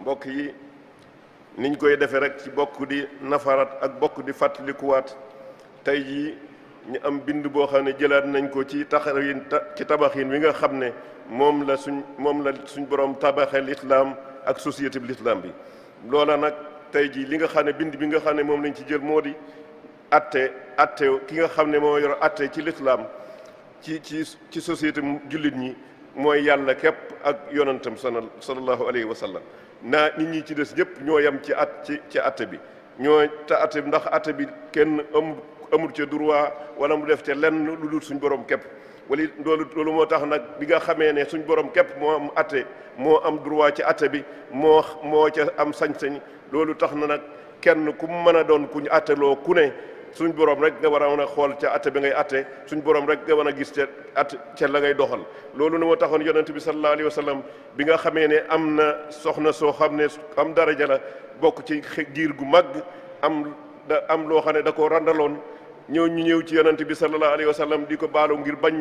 mbokk yi niñ koy defee rek ci bokk di nafaraat ak bokk di fàttalikuwaat tey jii ñu am bind boo xam ne jëlaat nañ ko ci taxarin ci tabaxin wi nga xam ne moom la suñ moom la suñ borom tabaxee lislaam ak société bi lislaam bi loola nag tey jii li nga xam ne bind bi nga xam ne moom lañ ci jël moo di atte atte ki nga xam ne moo yor atte ci lislaam ci ci ci société jullit ñi mooy yàlla képp ak yonantam sanal sallallahu alayhi wa sallam naa nit ñi ci des ñëpp ñoo yem ci at ci ci atte bi ñoo te atte bi ndax atte bi kenn amul amul ca droit wala mu def te lenn lu dul suñ borom képp wala loolu loolu moo tax nag bi nga xamee ne suñ borom képp moo am atte moo am droit ci atte bi moo moo ca am sañ-sañ loolu tax na nag kenn ku mën a doon kuñ atteloo ku ne suñ boroom rek nga war a mën a xool ca atte bi ngay atte suñ borom rek nga war a gis ca at ca la ngay doxal loolu ne moo taxoon yonent bi sallallahu alayhi wa sallam bi nga xamee ne am na soxna soo xam ne am daraja la bokk ci giir gu mag am am loo xam ne da koo randaloon ñëw ñu ñëw ci yonent bi sallallahu alayhi wa sallam di ko baalu ngir bañ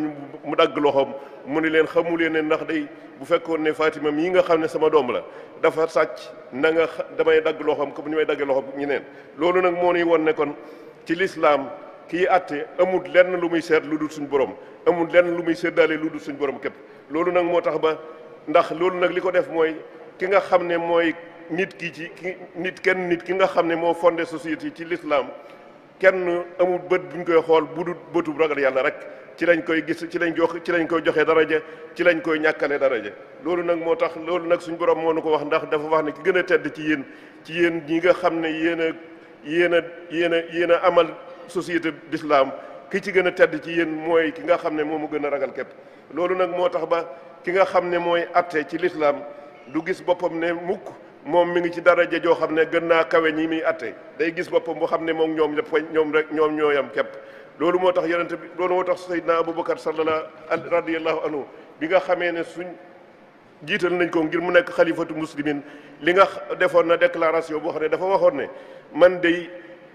mu dagg loxoom mu ni leen xamu leen ne ndax day bu fekkoon ne Fatima mii nga xam ne sama doom la dafa sàcc na nga damay dagg loxoom comme ni may dagg loxoom ñu neen loolu nag moo ñuy won ne ci lislaam kii àtte amul lenn lu muy seet lu dul suñ borom amul lenn lu muy séddaale lu dul suñ borom képp loolu nag moo tax ba ndax loolu nag li ko def mooy ki nga xam ne mooy nit ki ci ki nit kenn nit ki nga xam ne moo fondé société ci lislaam kenn amul bët buñ koy xool bu dul bëtub ragal yàlla rek ci lañ koy gis ci lañ jox ci lañ koy joxe daraja ci lañ koy ñàkkale daraja loolu nag moo tax loolu nag suñ borom moo nu ko wax ndax dafa wax ne ki gën a tedd ci yéen ci yéen ñi nga xam ne yéen yéen a yéen a yéen a amal société d'islam ki ci gën a tedd ci yéen mooy ki nga xam ne moom moomu gën a ragal képp loolu nag moo tax ba ki nga xam ne mooy atte ci lislaam du gis boppam ne mukk moom mi ngi ci daraja joo xam ne gën naa kawe ñi muy atte day gis boppam bu xam ne moom ñoom ñëpp ñoom rek ñoom ñooyam képp loolu moo tax yonente bi loolu moo tax Seydina Aboubacar sallallahu radiyallahu anhu bi nga xamee ne suñ jiital nañ ko ngir mu nekk xalifatu muslimin li nga defoon na déclaration boo xam ne dafa waxoon ne man day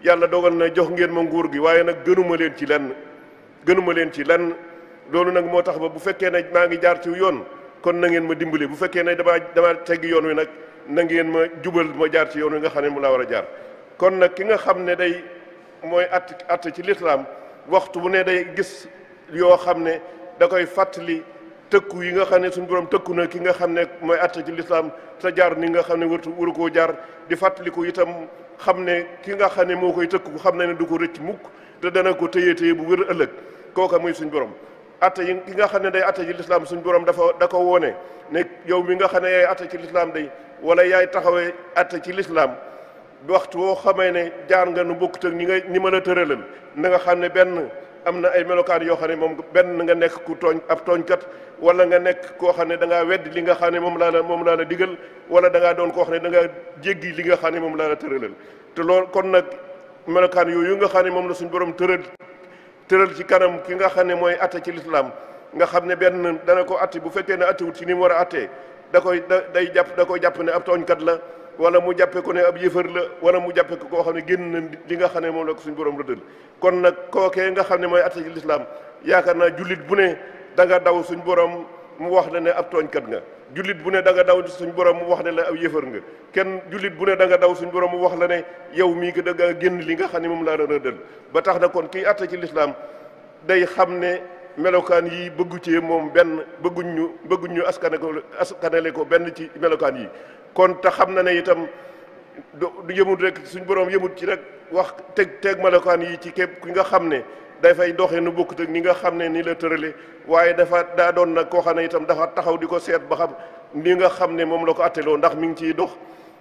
yàlla dogal na jox ngeen ma nguur gi waaye nag gënuma leen ci lenn gënuma leen ci lenn loolu nag moo tax ba bu fekkee ne maa ngi jaar ci yoon kon na ngeen ma dimbale bu fekkee ne damaa damaa tegg yoon wi nag na ngeen ma jubal ma jaar ci yoon wi nga xam ne mu laa war a jaar kon nag ki nga xam ne day mooy att ci lislaam waxtu bu ne day gis yoo xam ne da koy fàttali tëkku yi nga xam ne suñu borom tëkku na ki nga xam ne mooy att ci lislaam te jaar ni nga xam ne wërtu wuru koo jaar di fàttaliku itam xam ne ki nga xam ne moo koy tëkk tëkku xam na ne du ko rëcc mukk te dana ko téye téye bu wér ëllëg kooka muy suñ borom atta yi ki nga xam ne day atta ci lislaam suñ borom dafa da ko woone ne yow mi nga xam ne yaay atta ci lislaam day wala yaay taxawee atta ci lislaam waxtu woo xamee ne jaar nga nu bokkut ak ñi nga ñi mën a tëralal na nga xam ne benn am na ay melokaan yoo xam ne moom benn nga nekk ku tooñ ab tooñkat wala nga nekk koo xam ne da ngaa weddi li nga xam ne moom laa la moom laa la wala da doon koo xam ne da ngaa jéggi li nga xam ne moom laa la tëralal te loolu kon nag melokaan yooyu nga xam ne moom la suñu borom tëral tëral ci kanam ki nga xam ne mooy atte ci lislaam nga xam ne benn dana ko atte bu fekkee ne attewut ci ni mu war a attee da koy da day jàpp da koy jàpp ne ab tooñkat la wala mu jàppe ko ne ab yëfër la wala mu jàppe ko koo xam ne génn na li nga xam ne moom la ko kon nag kookee nga xam ne mooy attaque lislaam yaakaar naa jullit bu ne da daw suñu borom mu wax la ne ab tooñkat nga jullit bu ne da nga daw suñu borom mu wax ne la ab yëfër kenn jullit bu ne da nga daw suñu borom mu wax la yow mii ko da génn li nga xam ne moom laa rëddal ba tax na kon kii attaque lislaam day xam ne melokaan yi bëggu ci moom benn bëgguñ ñu bëgguñ ñu askane ko askanale ko benn ci melokaan yi kon te xam na ne itam du yëmut rek suñ borom yëmut ci rek wax teg teg melokaan yi ci képp ki nga xam ne dafay doxee nu bokkut ak ni nga xam ne ni la tërale waaye dafa daa doon nag koo xam ne itam dafa taxaw di ko seet ba xam ni nga xam ne moom la ko atteloo ndax mi ngi ciy dox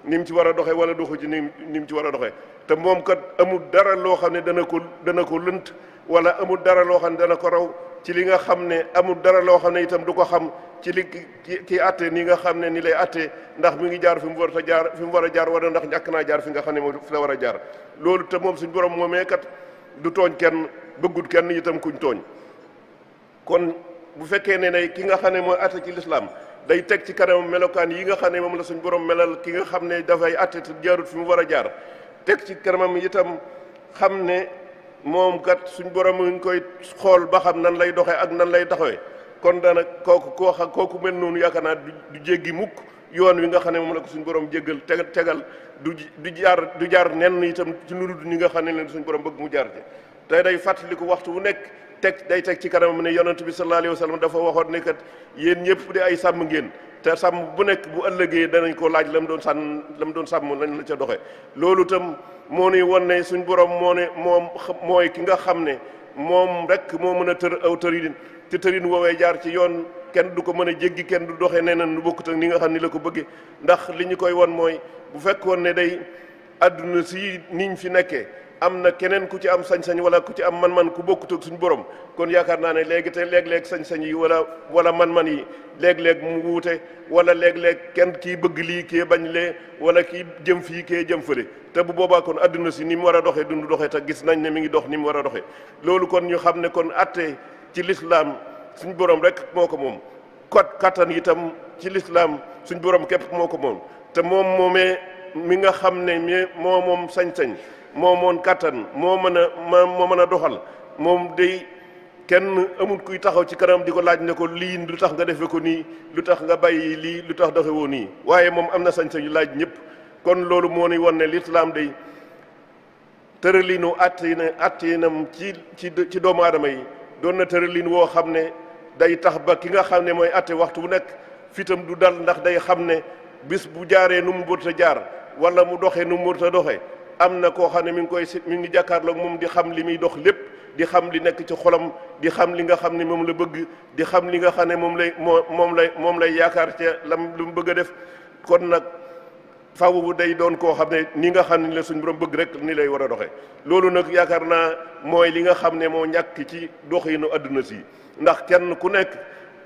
ni mu ci war a doxe wala doxu ci ni ni mu ci war a doxe te moom kat amul dara loo xam ne dana ko dana ko lënt wala amul dara loo xam ne dana ko raw ci li nga xam ne amul dara loo xam ne itam du ko xam ci li ki kii atte nii nga xam ne ni lay atte ndax mi ngi jaar fi mu war a jaar fi mu war a jaar wala ndax ñàkk naa jaar fi nga xam ne moom fi la war a jaar loolu te moom suñu borom moomee kat du tooñ kenn bëggut kenn itam kuñ tooñ kon bu fekkee ne ne ki nga xam ne mooy atte ci lislaam day teg ci kanam melokaan yi nga xam ne moom la suñu borom melal ki nga xam ne dafay atte te jaarut fi mu war a jaar teg ci kanamam itam xam ne moom kat suñ borom mu ngi koy xool ba xam nan lay doxee ak nan lay taxawee kon dana kooku koo xam kooku mel noonu yaakaar naa du jéggi mukk yoon wi nga xam ne moom la ko suñu borom jéggal tegal tegal du du jaar du jaar nenn itam ci nurud ñi nga xam ne leen suñu borom bëgg mu jaar ci tey day fàttaliku waxtu wu nekk teg day teg ci kanamam ne yonent bi sallallahu alayhi wa sallam dafa waxoon ne kat yéen ñëpp di ay sàmm ngéen te sàmm bu nekk bu ëllëgee danañ koo laaj la mu doon sànn la doon sàmm lañ la ca doxe loolu itam moo nuy wan ne suñ borom moo ne moom mooy ki nga xam ne moom rek moo mën a tër aw tërin te tërin woowee jaar ci yoon kenn du ko mën a jéggi kenn du doxee neneen lu bokkut ak ni nga xam ni la ko bëggee ndax li ñu koy won mooy bu fekk fekkoon ne day àdduna si niñ fi nekkee am na keneen ku ci am sañ-sañ wala ku ci am man-man ku bokkut suñu borom kon yaakaar naa ne léegi te léeg-léeg sañ-sañ yi wala wala man-man yi léeg-léeg mu wuute wala léeg-léeg kenn kii bëgg lii kii bañ lee wala kii jëm fii kee jëm fële te bu boobaa kon adduna si ni mu war a doxee dund doxee te gis nañ ne mu ngi dox ni mu war a doxee loolu kon ñu xam ne kon atte ci lislaam suñu borom rek moo ko moom kot kattan yitam ci lislaam suñu borom képp moo ko moom te moom moomee mi nga xam ne mi moo moom sañ-sañ moo moon kàttan moo mën a moo mën a doxal moom day kenn amul kuy taxaw ci kanam di ko laaj ne ko lii lu tax nga defe ko nii lu tax nga bàyyi lii lu tax doxewoo nii waaye moom am na sañ-sañu laaj ñëpp kon loolu moo ni won ne lislaam day tërëliinu àttina àttinam ci ci ci doomu aadama yi doon na tërëliin woo xam ne day tax ba ki nga xam ne mooy àtte waxtu bu nekk fitam du dal ndax day xam ne bis bu jaaree nu mu mënut a jaar wala mu doxee nu mu mënut a doxe am na koo xam ne mi ngi koy mu ngi jàkkaarloog moom di xam li muy dox lépp di xam li nekk ci xolam di xam li nga xam ne moom la bëgg di xam li nga xam ne moom lay moo moom lay moom lay yaakaar ca lam lu mu bëgg a def kon nag faw bu day doon koo xam ne ni nga xam ne la suñu borom bëgg rek ni lay war a doxee loolu nag yaakaar naa mooy li nga xam ne moo ñàkk ci doxinu àdduna si ndax kenn ku nekk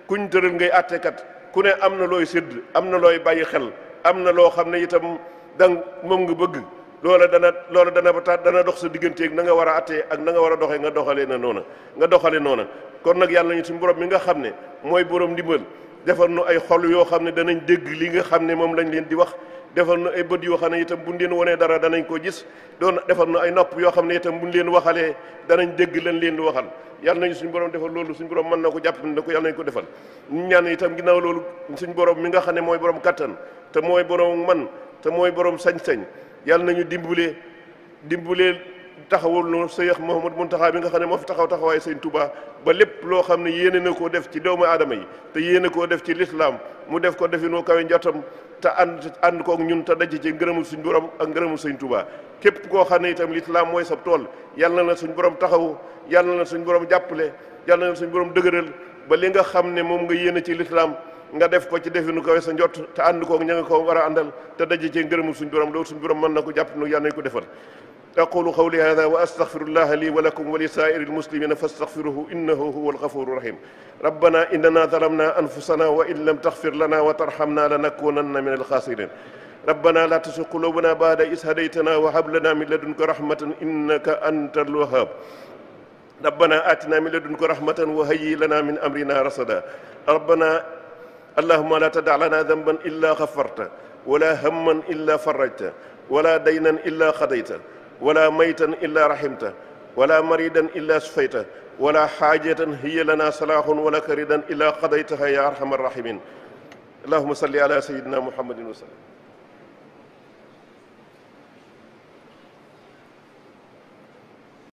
kuñ tëral ngay àttekat ku ne am na looy sédd am na looy bàyyi xel am na loo xam ne itam dang moom nga bëgg loola dana loolu dana ba taat dana dox sa digganteeg nanga war a attee ak nanga war a doxee nga doxalee na noona nga doxale noona kon nag yàlla ñu suñu borom mi nga xam ne mooy borom ndimbal defal nu ay xol yoo xam ne danañ dégg li nga xam ne moom lañ leen di wax defal nu ay bët yoo xam ne itam buñ leen wanee dara danañ ko gis doon defal nu ay nopp yoo xam ne itam buñ leen waxalee danañ dégg lañ leen di waxal yàlla nañu suñu borom defal loolu suñu borom mën na ko jàpp ne ko yàlla nañu ko defal ñu ñaan itam ginnaaw loolu suñu borom mi nga xam ne mooy borom kattan te mooy borom man te mooy borom sañ-sañ yàlla nañu dimbulee dimbulee taxawul noonu Seex Muhammad Muntaxa bi nga xam ne moo taxaw taxawaayu Sëñ Tuubaa ba lépp loo xam ne yéene na koo def ci doomu aadama yi te yéene koo def ci lislaam mu def ko defi noo kawe njottam te ànd ànd kook ñun te daj ci suñ borom ak ngërëmul Sëñ Tuubaa képp koo xam ne itam lislaam mooy sa tool yàlla na suñ borom taxawu yàlla na suñ borom jàppale yàlla na borom dëgëral ba li nga xam ne moom nga yéene ci lislaam nga def ko ci definu kawe sa njott te ànd koo ña nga ko war a àndal te daje cee ngërëmul suñu borom loolu suñu borom mën na ko jàpp nu yàlla nañ ko defal aqulu qawli hada wa astaghfirullaha li wa lakum wa li saa'iril muslimina fastaghfiruhu innahu huwal ghafurur rahim rabbana innana zalamna anfusana wa in lam taghfir lana wa tarhamna lanakunanna minal khasirin rabbana la tuzigh qulubana ba'da idh hadaytana wa hab lana min ladunka rahmatan innaka antal wahhab rabbana atina min ladunka rahmatan wa hayyi lana min amrina allahuma la tadaa lana damban illa xafarta wala hamman illa farajta wala daynan illa xadayta wala maytan illa rahimta wala maridan illa sufayta wala xaajatan hiya lana salahun wala karidan illa qadaytaha ya arhamar rahimin allahuma salli ala sayidina muhammadin wa sallam